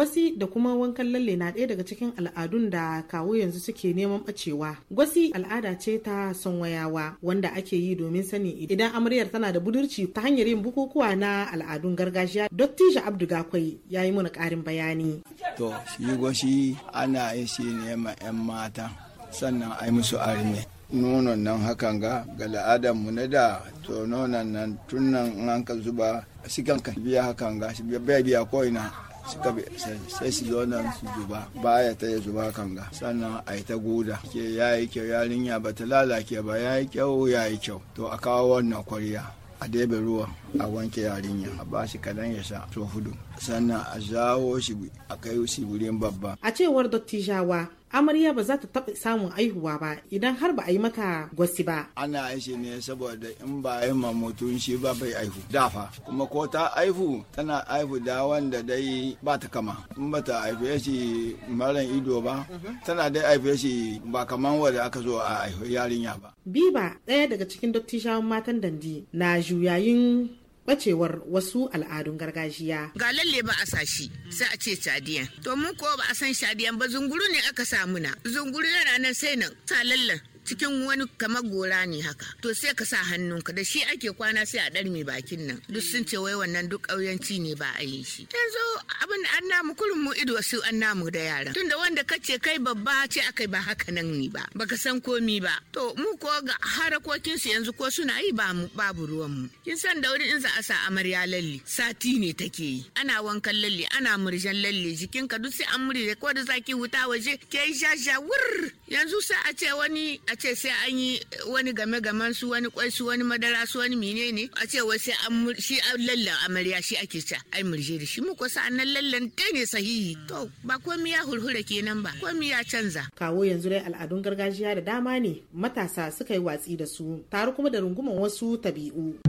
gwasi da kuma wankan lalle na ɗaya daga cikin al'adun da kawo yanzu suke neman bacewa gwasi al'ada ce ta sanwayawa wanda ake yi domin sani idan amaryar tana da budurci ta hanyar yin bukukuwa na al'adun gargajiya dottija abdu gakwai ya yi mana ƙarin bayani to shi gwasi ana yi shi neman 'yan mata sannan ai musu arne nonon nan hakan ga ga mu na da to nonon nan tun nan an ka zuba sikan ka biya hakan ga biya biya ko ina suka sai su nan su zuba baya ta zuba kanga sannan a yi ta goda ke ya yi kyau yarinya ba ta lalace ba ya yi kyau ya yi kyau to a kawo wannan kwarya a debe ruwa a wanke yarinya a ba shi kadan ya sha to hudu sannan a jawo shi a kai shi wurin babba a cewar dattijawa amarya ba za ta taɓa samun aihuwa ba idan har ba a yi mata gwasi ba. Ana yin shi ne saboda in ba yi mamutun shi ba bai aihu dafa kuma ko ta aihu tana aihu da wanda dai ba ta kama in ba ta ya shi maran ido ba tana dai aihu aife shi ba kaman wanda aka zo a aihu yarinya ba. Biba ɗaya daga cikin shawon matan dandi na juyayin bacewar wasu al'adun gargajiya. Ga lalle ba a sashi sai a ce cadiyan. To mun ko ba a san cadiyan ba zunguru ne aka samu na Zunguru yana nan sai nan ta lallan cikin wani kamar gora ne haka to sai ka sa hannunka da shi ake kwana sai a mai bakin nan duk sun ce wai wannan duk ƙauyanci ne ba a yi shi yanzu abin da an namu kurin mu ido su an namu da yaran tunda wanda ka ce kai babba ce akai ba haka nan ne ba baka san komi ba to mu ko ga harakokin su yanzu ko suna yi ba mu babu ruwan mu kin san da wuri in za a sa amarya lalle sati ne take yi ana wankan lalle ana murjan lalle Jikin ka duk sai an murje ko da zaki huta waje ke shasha wur yanzu sai a ce wani a ce sai an yi wani game game su wani kwai su wani madara su wani mine ne a ce wai sai an shi a lallan amarya shi ake ce ai murje da shi muku sa'an nan lallan ta ne sahihi to ba komai ya hurhura kenan ba komai ya canza kawo yanzu dai al'adun gargajiya da dama ne matasa suka yi watsi da su tare kuma da runguman wasu tabi'u.